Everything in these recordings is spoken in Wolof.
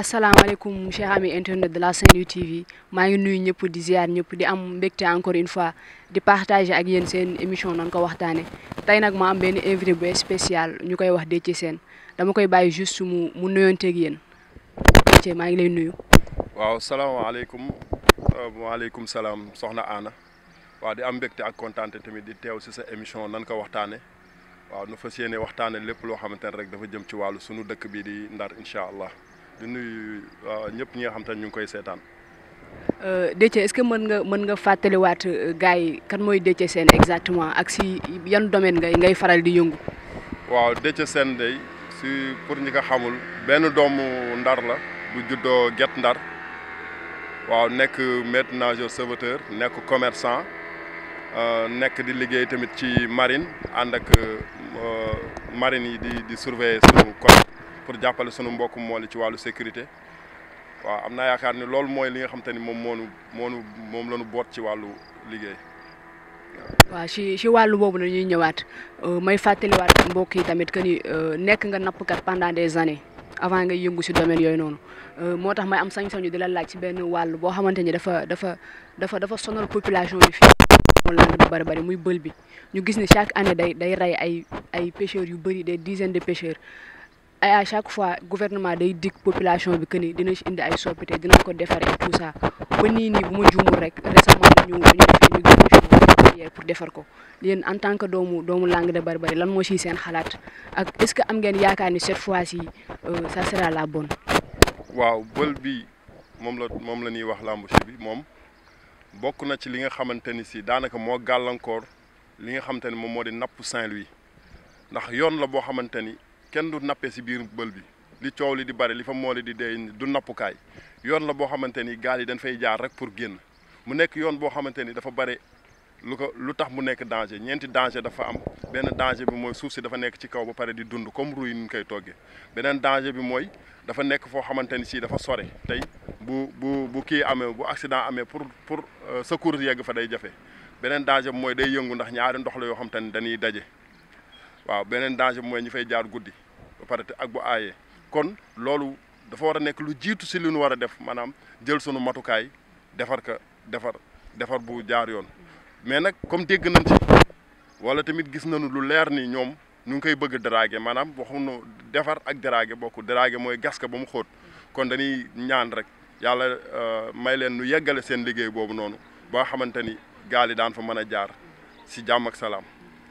aleykum chers ami internet de la Saint-Louis TV maa ngi nuyu ñëpp di ziar ñëpp di am mbégte encore une fois di partager ak yéen seen émission noonu ko waxtaanee tey nag ma am benn invité bu spécial ñu koy wax Déthié seen dama koy bàyyi juste mu mu nuyonteeg yéen maa ngi lay nuyu. waaw salaamaaleykum euh, waaleykum salaam soxna Anna waaw di am mbégte ak kontaante tamit di teew si sa émission nan ko waxtaanee waaw nu fas yéene waxtaanee lépp loo xamante ne rek dafa jëm ci wàllu sunu dëkk bi di Ndar incha allah. di nuyu waaw ñëpp ñi nga xam ñu ngi koy seetaan. Euh, Déthié est-ce que mën nga mën nga fàttaliwaat euh, gars yi kan mooy Déthié seen exactement ak si yan domaine ngay ngay faral di yëngu. waaw Déthié seen day si pour ñi ko xamul benn doomu Ndar la bu juddoo Guet Ndar waaw nekk maître nageur sauveteur nekk commerçant euh, nekk di liggéey tamit ci marine ànd ak marine yi di di surveiller suñu côté. pour jàppale sunu mbokku mool ci wàllu sécurité waaw am naa yaakaar ni loolu mooy li nga xam ni moom moonu moonu moom la ñu boot ci wàllu liggéey. waaw ci ci wàllu boobu la ñuy ñëwaat euh, may fàttaliwaat mbokk yi tamit que ni euh, nekk nga nappkat pendant des années avant ngay yëngu ci domaine yooyu noonu euh, moo tax may am sañ-sañu di la laaj ci benn wàll boo xamante ni dafa dafa dafa dafa sonal population bi fii. bu muy bël bi ñu gis ni chaque année day day rey ay ay pêcheurs yu bëri des dizaines de pêcheurs ay à chaque fois gouvernement day dig population bi que ni dina ci indi ay soppite dina ko defaree tout ça ba nii nii bu ma rek récemment ñu ñu def une commission pour defar ko yéen en tant que doomu doomu langue de Barbarie lan moo ciy seen xalaat ak est-ce que am ngeen yaakaar ni cette fois-ci euh, ça sera la bonne. waaw bol bi mom la mom la ñuy wax lambu bi mom bokku na ci li nga xamante ni si daanaka moo gàllankoor li nga xamante mom modi moo Saint-Louis ndax yoon la bo xamante kenn du nappee si biir bël bi li coow li di bari li fa moole di dee du nappukaay yoon la boo xamante ni gaal yi dañ fay jaar rek pour génn mu nekk yoon boo xamante ni dafa bari lu ko lu tax mu nekk danger ñeenti danger dafa am benn danger bi mooy suuf si dafa nekk ci kaw ba pare di dund comme ruy ni ñu koy toggee beneen danger bi mooy dafa nekk foo xamante ni si dafa sore tey bu bu bu kii amee bu accident amee pour pour euh, secours yegg fa day jafe beneen danger bi mooy day yëngu ndax ñaari ndox la yoo xam te dañuy daje. waaw beneen danger bi mooy ñu fay jaar guddi ba pare te ak bu aayee kon loolu dafa war a nekk lu jiitu si li ñu war a def maanaam jël sunu matukaay defar ka defar defar bu jaar yoon mais nag comme dégg nañ ci wala tamit gis nañu lu leer ni ñoom ñu ngi koy bëgg draguer maanaam waxuñu defar ak draguer bokk draguer mooy gas ka ba mu xóot kon dañuy ñaan rek yàlla euh, may leen nu yeggale seen liggéey boobu noonu ba xamante ni gaal yi daan fa mën a jaar si jàmm salaam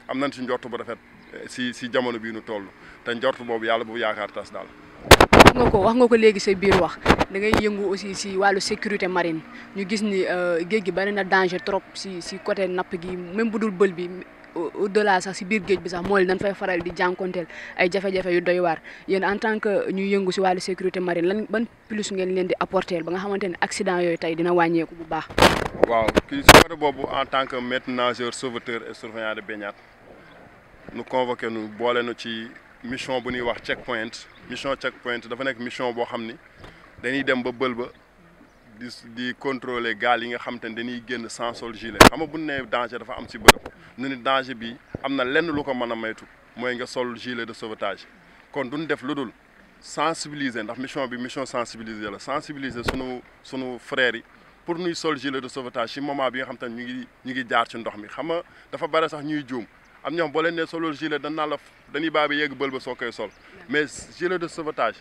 am nañ si njort bu rafet. si si jamono bi ñu tollu te ndortu bobu yalla bu yaakar tass dal wax nga ko wax nga ko sa biir wax da ngay yëngu aussi si walu sécurité marine ñu gis ni euh, géej gi bari danger trop si si côté nap gi même bu dul bël bi au delà sax si biir géej bi sax mooy dañ fay faral di jankontel ay jafe-jafe yu doy war yeen en tant que ñu yëngu si walu sécurité marine lan ban plus ngeen leen di apporter ba nga xamante accident yoy tay dina wàññeeku bu baax. waaw ki si côté boobu en tant que maître nageur sauveteur et surveillant de baignade. Nous convoqué nous mission bu checkpoint mission checkpoint dafa une mission boo contrôler les yi sans sol gilet avons danger dafa danger bi Amna lenn gilet de sauvetage kon duñ def sensibiliser ndax mission bi mission sensibiliser la sensibiliser sunu frères pour nous sol gilet de sauvetage ci moment bi nga xam Nous avons ñu ngi ñu ngi jaar ci am ñoom boo leen nee solo gilet dañ naa la dañuy baa bi yegg bël ba soo sol mais gilet de sauvetage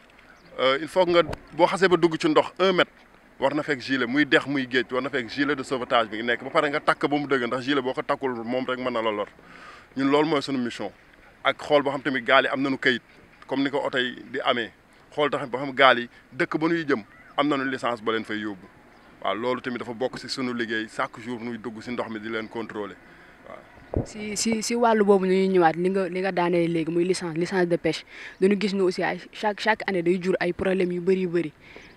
euh il faut nga bo xasse ba dugg ci ndox 1 mètre war na fekk gilet muy dex muy géej war na fekk gilet de sauvetage bi nek ba pare nga tak bu mu deug ndax gilet boko takul mom rek man la lor ñun lool moy sunu mission ak xol bo xam tamit gaal yi am nañu kayit comme niko ko di amé xol tax bo xam gaal dekk dëkk ba nuy jëm am nañu licence ba leen fay yóbbu wa loolu tamit dafa bok ci sunu liguey chaque jour nuy dugg ci ndox mi di len contrôler si si si wàll boobu ñuy ñëwaat li nga li nga daanee léegi muy licence licence de pêche dañu gis ne aussi ay chaque chaque année day jur ay problèmes yu bëri yu bëri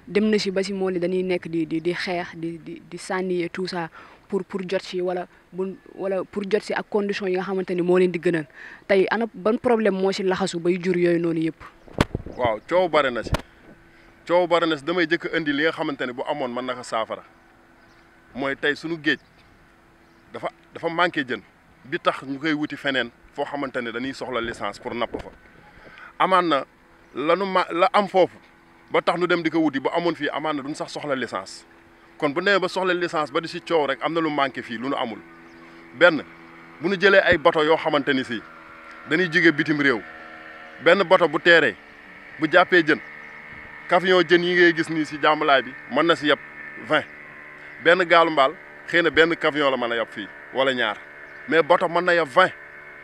dem na si ba si moo li dañuy nekk di di di xeex di di di sànni et tout ça pour pour jot si wala bu wala pour jot si ak conditions yi nga xamante ni moo leen di gënal tey ana ban problème moo si laxasu bay jur yooyu noonu yëpp. waaw coow bare na si coow bare si damay jëkk indi li nga xamante ne bu amoon mën na ko mooy tey sunu géej dafa dafa manqué jën. bi tax ñu koy wuti feneen foo xamante ne dañuy soxla licence pour napp fa amaan na lanu ma la am foofu ba tax nu dem di ko wuti ba amoon fii amaan na duñ sax soxla licence kon bu demee ba soxla licence ba di si coow rek am na lu manqué fii lu nu amul benn bu nu jëlee ay bato yoo xamante ni si dañuy jóge bitim réew benn bato bu teeree bu jàppee jën camion jën yi ngay gis nii si jàmbalaay bi mën na si yeb vin benn gaalu mbaal xëy na benn camion la mën a yeb fii wala ñaar mais bato mën na ya vingt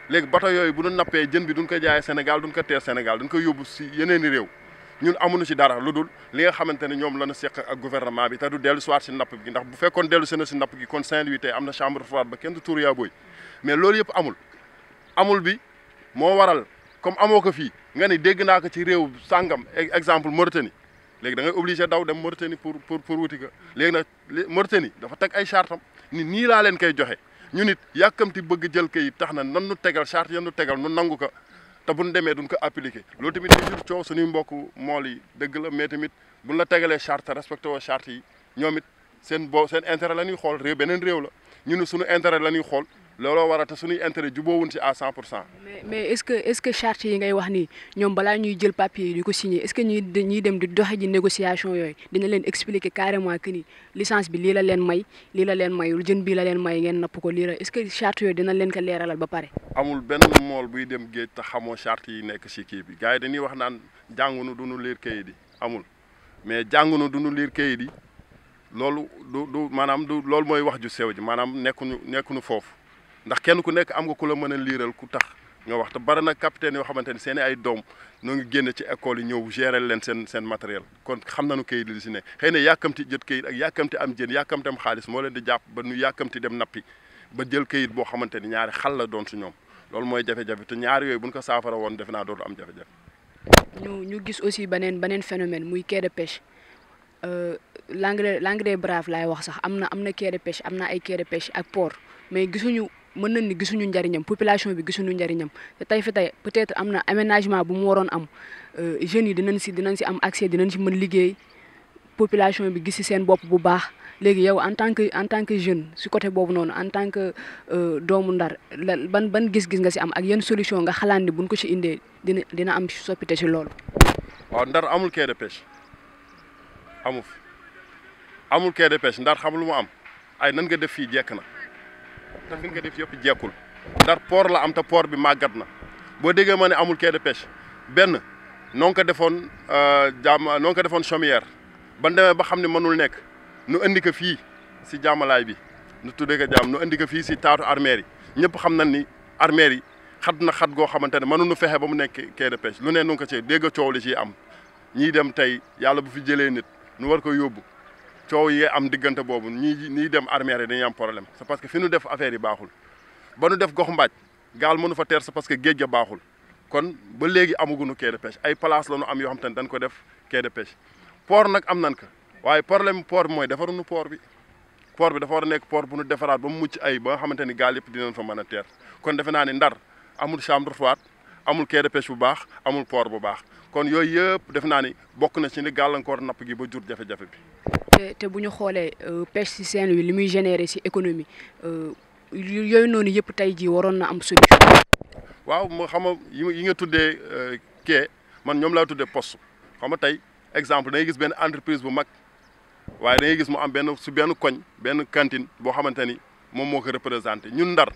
léegi bato yooyu bu ñu nappee jën bi duñ ko jaay Sénégal duñ ko teer Sénégal duñ ko yóbbu si yeneeni réew ñun amuñu si dara lu dul li nga xamante ne ñoom la ñu seq ak gouvernement bi te du dellu soir si napp gi ndax bu fekkoon dellu seen si napp gi kon sen louis tey am na chambre froide ba kenn du tuur yaa booy mais loolu yëpp amul amul bi moo waral comme amoo ko fii nga ni dégg naa ko ci réew sàngam e-, exemple Mauritanie léegi da ngay obligé daw dem Mauritanie pour pour pour wuti ko léegi nag Mauritanie dafa teg ay chartam ni nii laa leen koy joxe ñu nit yàkkamti bëgg jël kayit tax na nan nu tegal charte yan nu tegal nu nangu ko te buñ demee duñ ko appliqué loolu tamit day jur coow suñuy mbokk mool yi dëgg la mais tamit buñ la tegalee charte respecté woo charte yi ñoomit seen boo seen intérêt la ñuy xool réew beneen réew la ñu ne suñu intérêt la ñuy xool looloo waral te suñuy intérêt jubóowuñ ci à 100 pour cent. mais mais est ce que est ce que charte yi ngay wax ni ñoom balaa ñuy jël papier yi di ko signé est ce que ñuy dem di doxe ji négociation yooyu dina leen expliquer carrément que ni licence bi lii la leen may lii la leen mayul jën bii la leen may ngeen napp ko lii la est ce que charte yooyu dina leen ko leeralal ba pare. amul benn mool buy dem géej te xamoo charte yi nekk ci kii bi gars yi dañuy wax naan jàngunu duñu liir kayit yi amul mais jàngunu duñu liir kayit yi loolu du du maanaam du loolu mooy wax ju sew ji maanaam nekkuñu nekkuñu foofu ndax kenn ku nekk am nga ku la mën a liiral ku tax nga wax te bari na capitaine yoo xamante ni seen ay doom ñoo ngi génn ci école yi ñëw gérer leen seen seen matériel kon xam nañu kayit li si ne xëy na yàkkamti jot kayit ak yàkkamti am jën yàkkamti am xaalis moo leen di jàpp ba ñu yàkkamti dem nappi ba jël kayit boo xamante ni ñaari xal la doon su ñoom loolu mooy jafe-jafe te ñaari yooyu buñ ko saafara woon defe naa dootu am jafe-jafe. ñu gis aussi beneen beneen phénomène muy quai de pêche euh, l'anglais l'anglais brave laay wax sax am na am na quai de am na ay quai de ak port mais gisuñu mën nañ ni gisuñu njariñam population bi gisuñu njariñam te tey fi tey peut-être am na aménagement bu mu waroon am euh, jeunes yi dinañ si dinañ si am accès dinañ si mën liggéey population bi gis si seen bopp bu baax léegi yow en tant que en tant que jeune si côté boobu noonu en tant que euh, doomu ndar la ban ban gis-gis nga si am ak yenn solution nga xalaat ni buñ ko si indee dina dina am soppite si loolu. waaw ndar amul quai de pêche amu fi amul quai de pêche ndar xam lu mu am ay nan nga def fii jekk na. te fi nga def yëpp jekkul ndax port la am te port bi màggat na boo déggee ma ne amul quai de benn noo ngi ko defoon euh, jaam noo ngi ko defoon chaumière ban demee ba xam ne mënul nekk nu indi ko fii si jaamalaay bi nu tuddee ko jaam nu indi ko fii si taatu armeer yi ñëpp xam na ni armeer yi xat na xat goo xamante ne mënuñu fexe ba mu nekk quai de pêche lu ne nu ko cee dégg coow li ciy am ñiy dem tey yàlla bu fi jëlee nit nu war ko yóbbu coow yi am diggante boobu ñi ñiy dem armée yi dañuy am problème c'est parce que fi nu def affaire yi baaxul ba nu def gox mbaaj gaal mënu fa teer c'est parce que géej ga baaxul kon ba léegi amagunu quai de ay place la nu am yoo xam te ne dañ ko def quai de nag am nan ko waaye problème port bi mooy defaruñu port bi port bi dafa war a nekk port bu nu defaraat ba mu mucc ay ba nga xamante ni gaal yëpp dinañ fa mën a teer kon defe naa ni ndar amul chambre froide amul quai bu baax amul port bu kon yooyu yëpp def naa ni bokk na ci ni gàllankoor napp gi ba jur jafe-jafe bi. te bu ñu xoolee euh, pêche ci Saint-Louis li muy générer si économie euh, yooyu noonu yëpp tey jii waroon na am solution. waaw ma xam nga yi nga tuddee euh, quai man ñoom laa tuddee poste xam nga tey exemple da gis benn entreprise bu mag waaye da gis mu am benn si benn koñ benn cantine boo xamante ni moom moo ko représenté ñun ndar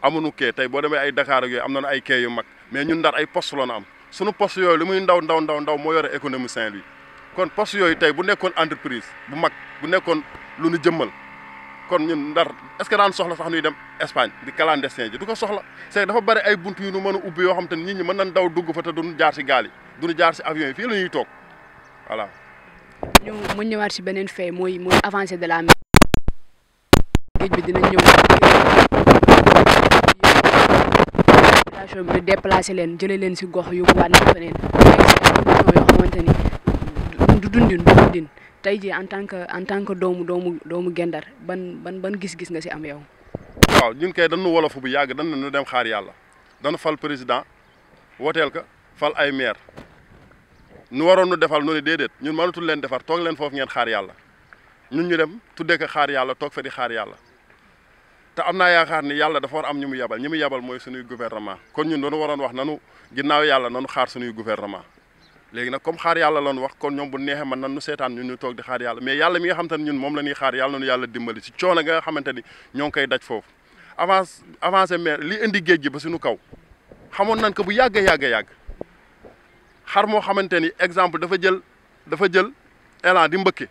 amuñu quai tey boo demee ay Dakar ak yooyu am na ay quai yu mag mais ñun ndar ay poste la am. sunu poste yooyu lu muy ndaw ndaw ndaw ndaw moo yore économie Saint-Louis kon poste yooyu tey bu nekkoon entreprise bu mag bu nekkoon lu nu jëmmal kon ñun ndar est-ce que daan soxla sax ñuy dem Espagne di clandestin ji du ko soxla c'est dafa bari ay bunt yu nu mën ubbi yoo xam te nit ñi mën nañ daw dugg fa te duñu jaar ci gaal yi duñu jaar ci avion yi fii la ñuy toog voilà. ñu mu ñëwaat ci beneen fay mooy mooy avancé de la mer population bi déplacé leen jëlee leen si gox yóbbuwaat leen feneen yoo xamante du dundin du dundin tey jii en tant que en tant que doomu doomu doomu guet ban ban ban gis-gis nga si am yow. waaw ñun kay dañu wolofu bu yàgg dañu nu dem xaar yàlla dañu fal président woteel ka fal ay maire nu waroon nu defal nu ne déedéet ñun mënatul leen defar toog leen foofu ngeen xaar yàlla ñun ñu dem tuddee ko xaar yàlla toog fa di xaar yàlla. te am na yaakaar ni yàlla dafa war am ñu mu yebal ñi mu yebal mooy suñuy gouvernement kon ñun doonu waroon wax nanu ginnaaw yàlla nanu xaar suñuy gouvernement léegi nag comme xaar yàlla loon wax kon ñoom bu neexee man nan nu seetaan ñun ñu toog di xaar yàlla mais yàlla mi nga xamante ne ñun moom la ñuy xaar yàlla nanu yàlla dimbali si coono nga xamante ni ñoo ngi koy daj foofu avance avancé mais li indi géej gi ba suñu kaw xamoon nañ ko bu yàgg yàgg yàgg xar moo xamante ni exemple dafa jël dafa jël élan di mbëkke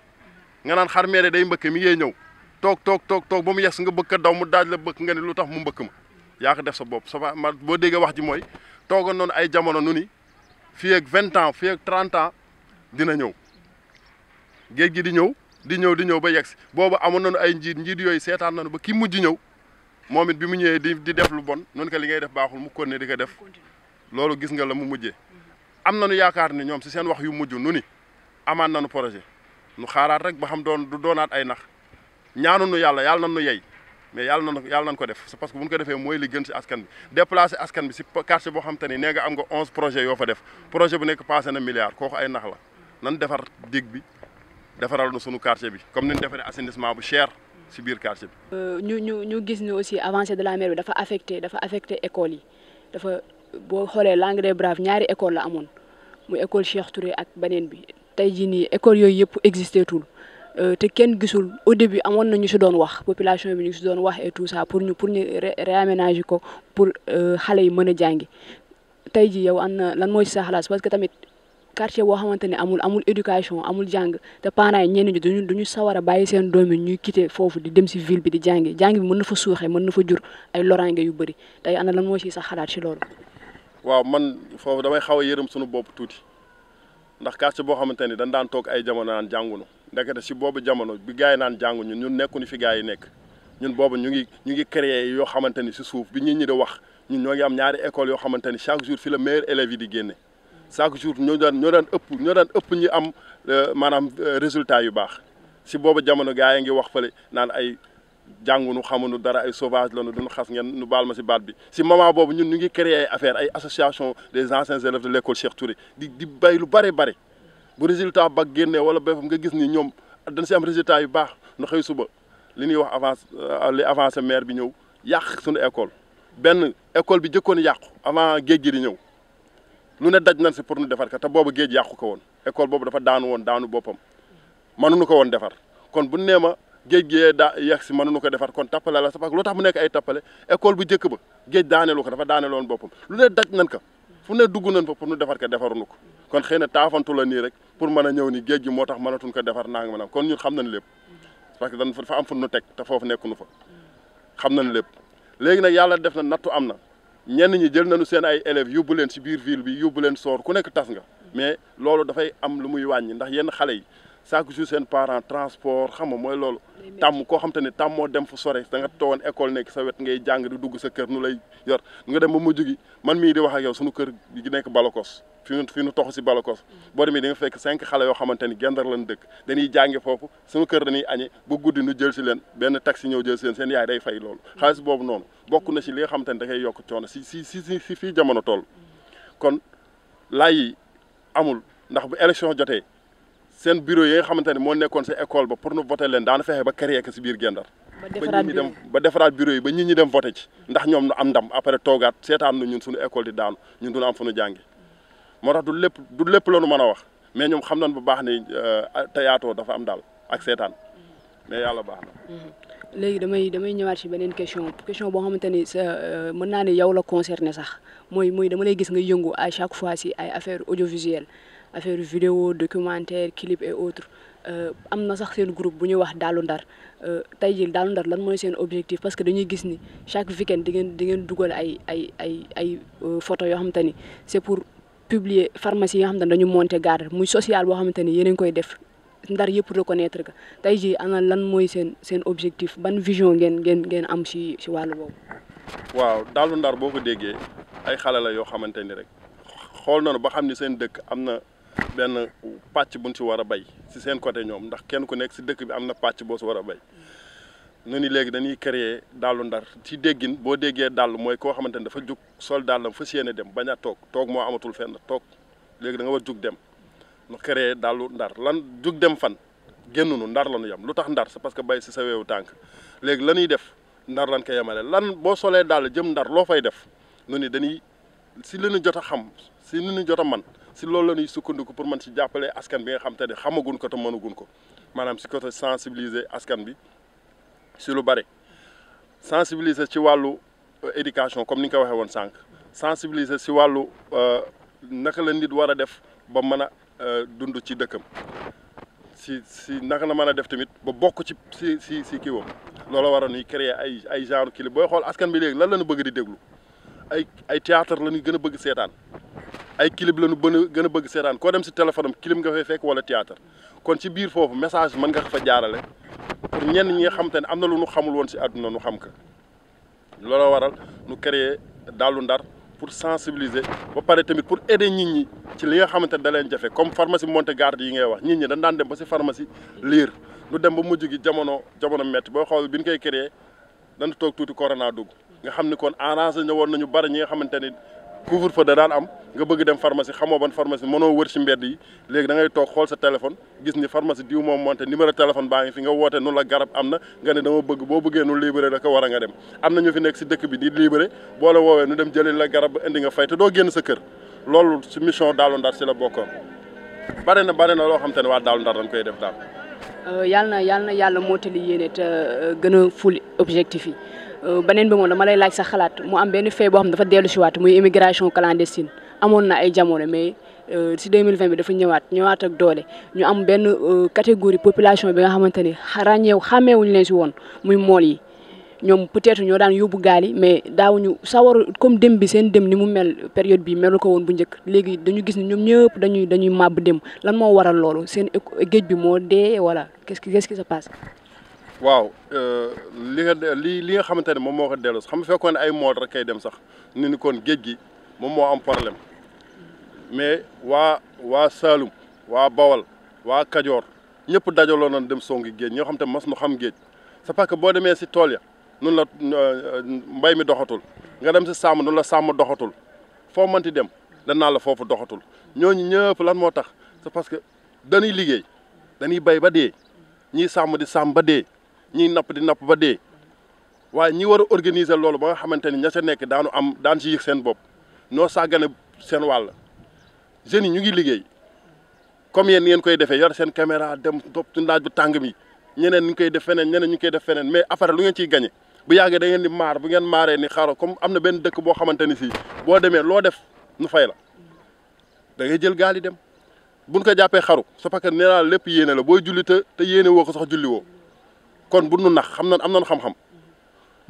nga naan xar meere day mbëkke mi ngey ñëw tok tok tok tok bamu yes nga bëkk daw mu daj la bëkk nga ni lutax mu mbëkk ma ya ko def sa bop sama ma bo dégg wax ji moy togon non ay jamono nuni fi ak 20 ans fi ak 30 ans dina ñew geej gi di ñew di ñew di ñew ba yex bobu boobu amoon ay njiit njiit yoy sétan nañu ba ki mujj ñew momit bi mu ñewé di di def lu bon non ka li ngay def baaxul mu continuer di ka def lolu gis nga la mu mujjé am nañu yaakaar ni ñom si seen wax yu mujj nu ni amaat nañu projet nu xaraat rek ba xam doon du doonaat ay nax Nous sommes yalla les mais yalla nañu ko parce que vous ko moy li gën si askan bi déplacé askan bi si quartier bo xamanteni y nga am projets yo fa def projet bu nek passé na milliard kooku ay nax la nañ défar dig bi défaral quartier bi comme nous ñu faire assainissement bu cher si biir quartier bi. Euh, ñu ñu ñu gis aussi avancer de la mer bi dafa affecté dafa affecté école yi dafa ñaari école la amone école Cheikh Touré ak bi école existé Euh, te kenn gisul au bi amoon na ñu si doon wax population bi ñu si doon wax et tout ça pour ñu pour re réaménager ko pour euh, xale yi mën a jàngi tey ji yow am na lan mooy si parce que tamit quartier boo xamante ne amul amul éducation amul jàng te parents yi ñenn ñi duñu duñu sawara a bàyyi seen doom yi ñuy quitter foofu di dem si ville bi di jàngi jàngi bi mën na fa suuxee mën na fa jur ay loraange yu bëri tey ana lan mooy si sa xalaat si loolu. waaw man foofu damay xaw a yërëm sunu bopp tuuti ndax quartier boo xamante ni dañ daan toog ay jamono naan jàngunu si bobu jamono bi gaay les ñun nekkuñu fi gaay nekk ñun ñu ngi ñu ngi créer école chaque jour fi meilleur élève di chaque jour ñoo daan ñoo daan ëpp daan ëpp ñi am euh, euh, résultat yu si les jamono baat bi ñun ñu association des anciens élèves de l'école Cheikh Touré di di bay bu résultat bag génnee wala béykat nga gis ni ñoom dañ si am résultat yu baax na xëy suba li ñuy wax avance euh, li avancé maire bi ñëw yàq suñu école benn école bi jëkkoon yàqu avant géej gi di ñëw lu ne daj nañ si pour nu defar ka te boobu géej yàqu ko woon école boobu dafa daanu woon daanu boppam mënuñu ko woon defar kon bu nee ma géej gi daa yegg si mënuñu ko defar kon tappale la sa parce lu tax mu nekk ay tappale école bu jëkk ba géej daaneelu ko dafa woon boppam lu ne daj nañ ko fu ne dugg nañ fa pour nu defar ko defaruñu ko kon xëy na taafantu la nii rek pour mën a ñëw ni géej gi moo tax mënatuñ ko defar naa nga maanaam kon ñun xam nañ lépp parce que dañ fa am fu nu teg te foofu nekkuñu fa xam na nañ lépp léegi nag yàlla def na nattu am na ñenn ñi jël na nañu seen ay élèves yóbbu leen ci biir ville bi yóbbu leen soor ku nekk tas nga mais loolu dafay am lu muy wàññi ndax yenn xale yi chaque jour seen parent transport xam nga mooy loolu. tàmm koo xam te ne tàmm moo dem fu sore da nga toogoon école nekk sa wet ngay jàng di dugg sa kër nu lay yor nga dem ba mujj gi man mii di wax ak yow sunu kër gi nekk Balakos fi nu fi nu tox si Balakos. Mm-hmm. boo demee di nga fekk cinq xale yoo xamante ni gendar lan dëkk dañuy jànge foofu sunu kër dañuy añe ba guddi nu jël si leen benn taxi jël seen yaay day fay loolu. Mm-hmm. xaalis boobu noonu bokk na si li nga xamante ni da ngay yokk coono si si si si fii jamono toll mm-hmm. kon laay yi amul ndax bu élection jotee seen bureau yi nga xamante ne moo nekkoon sa école ba pour nu voté leen daana fexe ba créer ko si biir Guet Ndar ba defaraat bureau yi ba ñit dem voté ndax ñoom nu am ndam après toogaat seetaan nu ñun suñu école di daanu ñun duñu am fu nu jàngi moo tax du lépp du lépp la nu mën a wax mais ñoom xam nañ bu baax ni euh, tayaatoo dafa am daal ak seetaan mais yàlla baax na mm-hmm. léegi damay damay ñëwaat ci beneen question question boo xamante ni sa euh, mën naa ne yow la concerné sax mooy mooy dama lay gis nga yëngu à chaque fois ci ay affaire audiovisuelle affaire vidéo documentaire clip et autres euh, am na sax sen groupe bu ñuy wax Daalu Ndar euh, tey jii Daalu Ndar lan mooy sen objectif parce que dañuy gis ni chaque weekend di ngeen di ngeen dugal ay ay ay ay euh, photo yoo xamante ni c'est pour publier pharmacie yoo xamante ni dañu monter garde muy social boo xamante ni koy def Ndar yëpp reconnaître que tey jii ana lan mooy sen sen objectif ban vision ngeen ngeen ngeen am si si walu. boobu. waaw Daalu Ndar boo ko déggee ay xale la yoo rek xool nañu ba xam ni seen dëkk am benn pàcc bu buñ ci war a bay si seen côté ñoom ndax kenn ku nekk si dëkk bi am na pàcc boo ci war a bay nu ni léegi dañuy créer dàllu ndar ci déggin boo déggee dàll mooy koo xamante ne dafa jug sol dàllam fas yéene dem bañ a toog toog moo amatul fenn toog léegi da nga war jug dem nu créer dàllu ndar lan jug dem fan génn nu ndar la ñu yem lu tax ndar c'est parce que bay si sa weewu tànk léegi la ñuy def ndar lan koy yemale lan boo solee dàll jëm ndar loo fay def nu ni dañuy si li ñu jot a xam ci li ñu jot a man si loolu la ñuy sukkandiku pour mën si jàppale askan bi nga xam te ne xamagun ko te mënagun ko maanaam si côté sensibiliser askan bi si lu bare sensibiliser ci wàllu euh, éducation comme ni nga ko waxee woon sànq sensibiliser si wàllu euh, naka la nit war a def ba mën a euh, dund ci dëkkam si si naka la mën a def tamit ba bokk ci si si si kiiwam loolu la a ñuy créer ay ay genre kili booy xool askan bi léegi lan la ñu bëgg di déglu ay ay théâtre la ñuy gën a bëgg seetaan ay clip la ñu bën gën a bëgg seeraan koo dem si téléphone am clip nga fay fekk wala théâtre kon ci biir foofu message mën nga fa jaarale pour ñenn ñi nga xam ne am na lu ñu xamul woon si àdduna nu xam ko looloo waral nu créer Dalu Ndar pour sensibiliser ba pare tamit pour aider nit ñi ci li nga xamante ne da jafe comme pharmacie Montegarde yi ngay wax nit ñi dañ daan dem ba si pharmacie liir lu dem ba mujj gi jamono jamono metti boo xool bi ñu koy créer dana toog tuuti corona dugg nga xam ni kon arrangé na woon nañu bari ñi nga xamante ni couvre-feu da daan am nga bëgg dem pharmacie xamoo ban pharmacie mënoo wër ci mbedd yi léegi da ngay toog xool sa téléphone gis ni pharmacie diw moom monte numéro téléphone baa ngi fi nga woote nu la garab am na nga ne dama bëgg boo bëggee nu libéré da ko a nga dem am na ñu fi nekk ci dëkk bi di libéré boo la woowee nu dem jëli la garab ba indi nga fay te doo génn sa kër loolu ci mission Daalu Ndar ci la bokkoon bare na bare na loo xam te ne waa Daalu Ndar dañ koy def daal euh, yàlla na yàlla na yàlla mootali yéene te euh, gën a ful objectif yi Euh, beneen bi moom dama lay laaj sa xalaat mu am benn fee boo xam dafa dellu si waat muy immigration clandestine amoon na ay jamono mais euh, si 2020 bi dafa ñëwaat ñëwaat ak doole ñu am benn euh, catégorie population bi nga xamante ni ràññeew xàmmeewuñu leen si woon muy mool yi ñoom peut-être ñoo daan yóbbu gaal yi mais daawuñu sawaru comme dem bi seen dem ni mu mel période bi melu ko woon bu njëkk léegi dañu gis ni ñoom ñëpp dañuy dañuy màbb dem lan moo waral loolu seen géej bi moo dee wala qu'est-ce qui qu'est-ce qui waaw euh, li nga li li nga xamante ne moom moo ko delloo xam nga fekkoon ne ay mool rek kay dem sax nu ni kon géej gi moom moo am problème mais waa waa Saalum waa Bawal waa Kajoor ñëpp dajaloo nañ dem soo songi géej ñoo xam te mas nu xam géej c'est parce que boo demee si tool ya nun la euh, euh, mbay mi doxatul nga dem si sàmm nun la sàmm doxatul foo mënti dem danaa la foofu doxatul ñooñu ñëpp lan moo tax c'est parce que dañuy liggéey dañuy bay ba dee ñuy sàmm di sàmm ba dee ñiy napp di napp ba dee waaye ñi war a organiser loolu ba nga xamante ni ña sa nekk daanu am daan si yëg seen bopp noo sàggane seen wàll jeunes ñu ngi liggéey comme yéen ngeen koy defee yor seen caméra dem topp naaj bu tàng mi ñeneen ñu koy def feneen ñeneen ñu koy def feneen mais affaire lu ngeen ciy gañe bu yàggee da ngeen di maar bu ngeen maaree ni xaro comme am na benn dëkk boo xamante ni fii boo demee loo def nu fay la da ngay jël gaal yi dem buñ ko jàppee xaru su fekkee nee lépp yéene la booy julli te yéene woo ko sax julli woo kon bu nu nax xam na am nañu xam-xam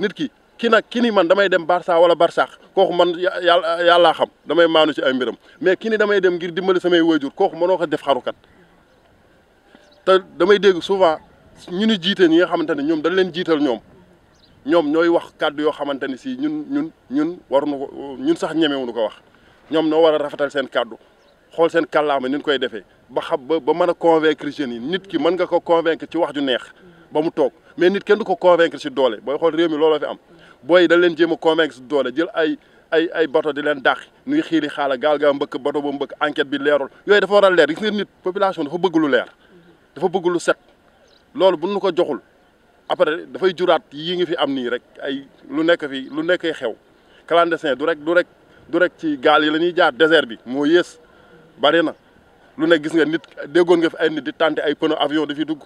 nit ki ki nag ki ni man damay dem Barça wala Barsaax kooku man yàlla yàllaa xam damay maanu ci ay mbiram mais ki ni damay dem ngir dimbali samay waajur kooku mënoo ko def xarukat te damay dégg souvent ñu ni jiite ñi nga xamante ne ñoom dañ leen jiital ñoom ñoom ñooy wax kàddu yoo xamante ne si ñun ñun ñun waruñu ko ñun sax ñemewuñu ko wax ñoom noo war a rafetal seen kàddu xool seen kàllaama ni ñu koy defee ba xam ba ba mën a convaincre jeunes yi nit ki mën nga ko convaincre ci wax ju neex ba mu toog mais nit kenn du ko convaincre ci doole boy xol réew mi looloo fi am boy dañ leen jema convaincre ci doole jël ay ay ay bato di leen dakh ñuy xiiri xala gal gaa mbeuk bato bo mbeuk enquête bi leerul yoy dafa waral leer gis ngeen nit population dafa bëgg lu leer dafa bëgg lu set loolu bu nu ko joxul après da fay jurat yi nga fi am ni rek ay lu nekk fi lu nekk xew clandestin du rek du rek du rek ci gal yi lañuy jaar désert bi mo yes bari na lu nekk gis nga nit déggoon nga fi ay nit di tànte ay pneu avion di fi dugg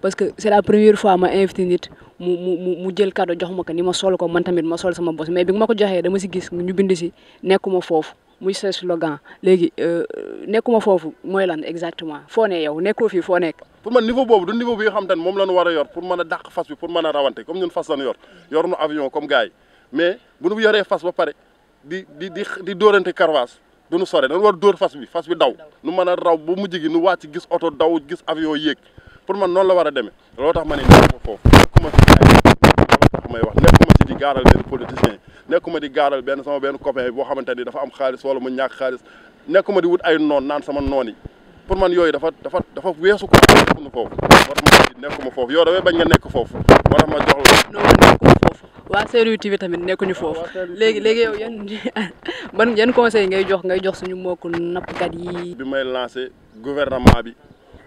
parce que c'est la première fois ma invité nit mu mu mu jël cadeau jox ma ko ni ma sol ko man tamit ma sol sama boss mais bi nga ma ko joxee dama si gis ñu bind si nekkuma foofu muy sa slogan euh nekkuma fofu moy lan exactement fo né yow nekkoo fi fo nek pour man niveau bobu du niveau bi nga xam tan mom moom wara yor pour mën dakk fas bi pour mën a rawante comme ñun fas la yor yor nu avion comme gaay mais bu ñu yoré fas ba pare di di di di dóorante caravace du ñu sore dañ war dóor fas bi fas bi daw nu mën raw bu mujj gi nu wacc gis auto daw gis avion yek. pour man noonu la war a demee looloo tax ma ne nekkuma foofu nekkuma fi ay tax may wax nekkuma si di gaaral benn politicien nekkuma di gaaral benn sama benn copain boo xamante ni dafa am xaalis wala mu ñàkk xaalis nekkuma di wut ay noon naan sama noon yi pour man yooyu dafa dafa dafa weesu ko nekkuma foofu moo tax nekkuma foofu yow dafay bañ nga nekk foofu moo ma jox la. nekkuma foofu waa Saint-Louis TV tamit nekkuñu foofu léegi léegi yow yan ban yan conseil ngay jox ngay jox suñu mbokku nappkat yi. bi may lancé gouvernement bi.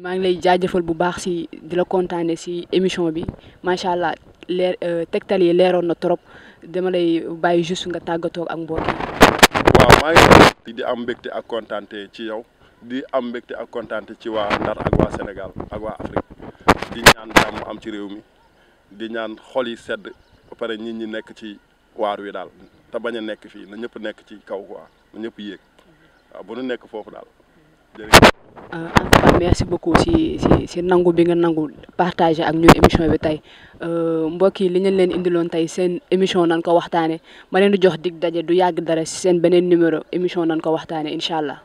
maa ngi lay jaajëfal bu baax si di la kontaane si émission bi macha allah leer euh, tegtal yi leeroon na trop dama lay bàyyi juste nga tàggatoo ak mbokk waaw di am mbégte ak kontaante ci yow di am mbégte ak kontaante ci waa Ndar ak waa Sénégal ak waa Afrique di ñaan jàmm am ci réew mi di ñaan xol yi sedd ba pare nit ñi nekk ci waar wi daal te bañ a nekk fii na ñëpp nekk ci kaw quoi na ñëpp yéeg waaw bu nu nekk foofu daal Euh, en merci beaucoup si si si nangu bi nga nangu partager ak ñun émission bi tey euh, mbokk yi li ngeen leen indiloon tay seen émission nan ko waxtane ma leen di jox dig dajé du yag dara seen benen numéro émission nan ko waxtane inshallah